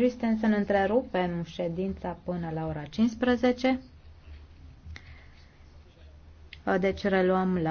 Christensen, întrerupem ședința până la ora 15. Deci reluăm la